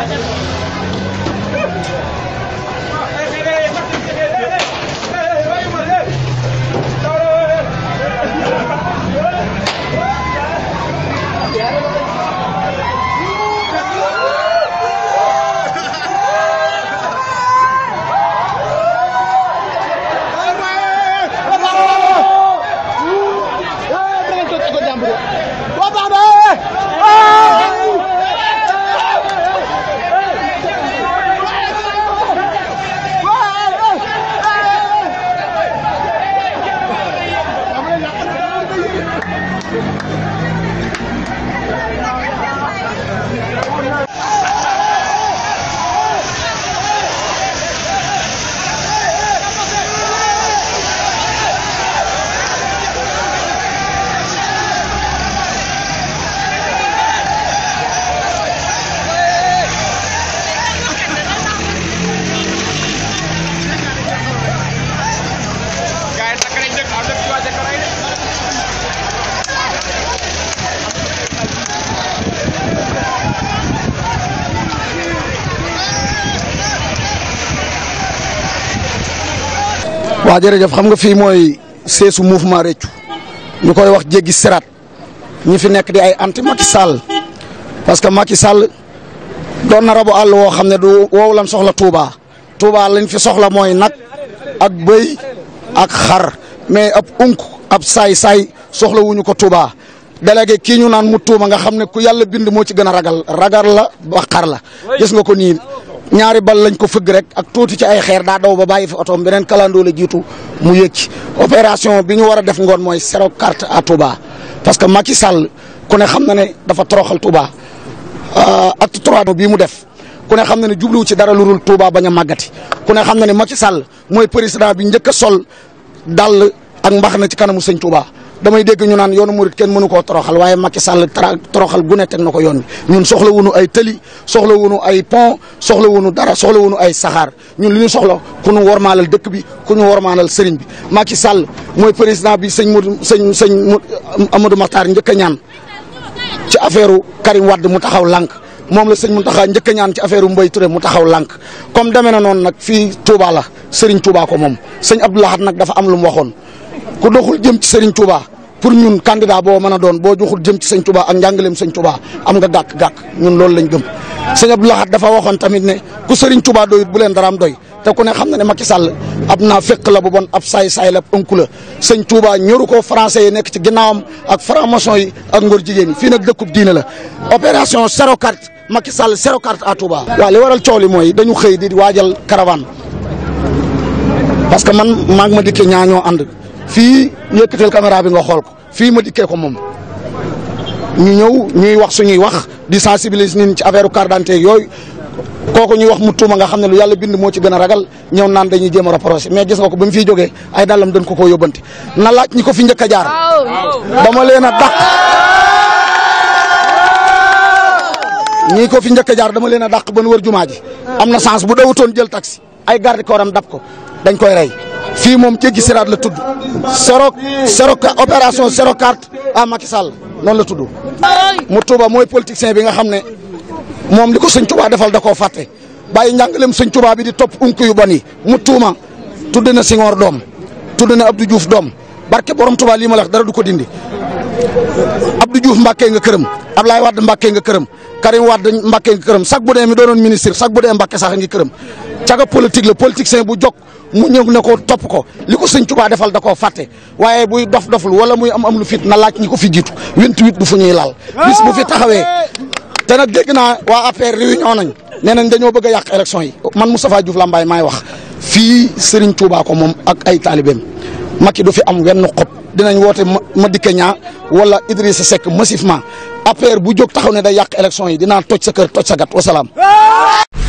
มันจะ waaw jërëjëf xam nga fii mooy seesu mouvement Réccu ñu koy wax jéggi siraat ñi fi nekk di ay anti Macky Sall parce que Macky Sall doon na rabu àll woo xam ne du woow lan soxla Touba Touba lañ fi soxla mooy nag ak bëy ak xar mais ab unk ab saay-saay soxla wuñu ko Touba délégué kii ñu naan mu tuuma nga xam ne ku yàlla bind moo ci gën a ragal ragal la ba xar la gis nga ko nii ñaari bal lañ ko fëgg rek ak tuuti ci ay xeer daa daw ba bàyyi fi otoom beneen kalandoo jiitu mu yëg ci opération bi ñu war a def ngoon mooy zéro carte à Touba parce que Macky Sall ku ne xam na ne dafa toroxal Touba euh, acte trois bii mu def ku ne xam na ne jubluwu ci dara lu dul Touba bañ a màggati ku ne xam na ne Macky Sall mooy président bi njëkk a sol dàll ak mbax na ci kanamu sëñ Touba damay dégg ñu naan yoonu murit kenn mënu koo toroxal waaye Macky Sall tra toroxal gu ne teg na yoon bi ñun soxla wunu ay tëli soxla wunu ay pon soxla wunu dara soxla wunu ay saxaar ñun li ñu soxla ku ñu wormaalal dëkk bi ku ñu wormaalal sëriñ bi Macky Sall mooy président bi sëñ Modou sëñ sëñ Amadou Makhtar njëkk a ñaan ci affaire Karim Wade mu taxaw lank moom la sëñ Mountakha njëkk a ñaan ci affaire Mbaye Touré mu taxaw lànk comme demee na noonu nag fii Touba la Serigne Touba ko moom sëñ Abdou Lahad nag dafa am lu mu waxoon ku doxul jëm ci Serigne Touba pour ñun candidat boo mën a doon boo joxul jëm ci sëñ Touba ak njàngaleem sëñ Touba am nga gàkk-gàkk ñun loolu lañ gëm. sëñ Abdou Lahad dafa waxoon tamit ne ku Serigne Touba doyut bu leen dara am doy te ku ne xam na ne Macky Sall ab naa fekk la bu bon ab saay-saay la ënku la sëñ Touba ñoru ko français yi nekk ci ginnaawam ak franc yi ak ngor jigéen yi fii nag dëkkub diine la opération zéro carte Macky Sall zéro carte à Touba. waaw li waral coow li mooy dañu xëy di waajal caravane que man maa ngi ma dikkee ñaa ñoo ànd. fii yëkkatal caméra bi nga xool ko fii ma dikkee ko moom ñu ñëw ñuy wax ñuy wax di sensibiliser nit ci affaire carte d'identité yooyu kooku ñuy wax mu tuuma nga xam ne lu yàlla bind moo ci gën a ragal ñëw naan dañuy jéem a mais gis ko ba mu fiy ay dàllam dañ ko koo yóbbante na laaj ñi ko fi njëkk a jaar dama leen a dàq ñii ko fi njëkk jaar dama leen a dàq ba nu wër jumaa ji am na sens bu toon jël taxi ay garde corps am ko dañ koy rey fii moom jéggi siraat la tudd sero sero opération zéro carte à Macky Sall noonu la tudd mu Touba mooy politicien bi nga xam ne moom li ko sëñ Touba defal da koo fàtte bàyyi njàngaleem sëñ Touba bi di topp unk yu bon yi mu tuuma tudd na Senghor doom tudd na Abdou Diouf doom barke borom Touba lii ma la dara du ko dindi Abdou Diouf Mbacke nga kërëm Ablaye Wade mbakkee nga kërëm Karim Wade Mbacke nga kërëm sax bu dee mi doonoon ministre sax bu dee Mbacke sax ngi kërëm caga politique la politicien bu jog mu ñëw ne ko topp ko li ko sëñ Tuubaa defal da koo fàtte waaye buy dof doful wala muy am am lu fit na laaj ñi ko fi jiitu 28 du fu ñuy laal bis bu fi taxawee te nag dégg naa waa APR réunion nañ nee nañ dañoo bëgg a yàq élection yi man Moustapha Diouf Lambaye maay wax fii Serigne Touba ko moom ak ay taalibeem Macky du fi am wenn xob dinañ woote ma Madické Niang wala Idrissa Seck massivement APR bu jóg taxaw ne day yàq élection yi dinaa toj sa kër toj sa gat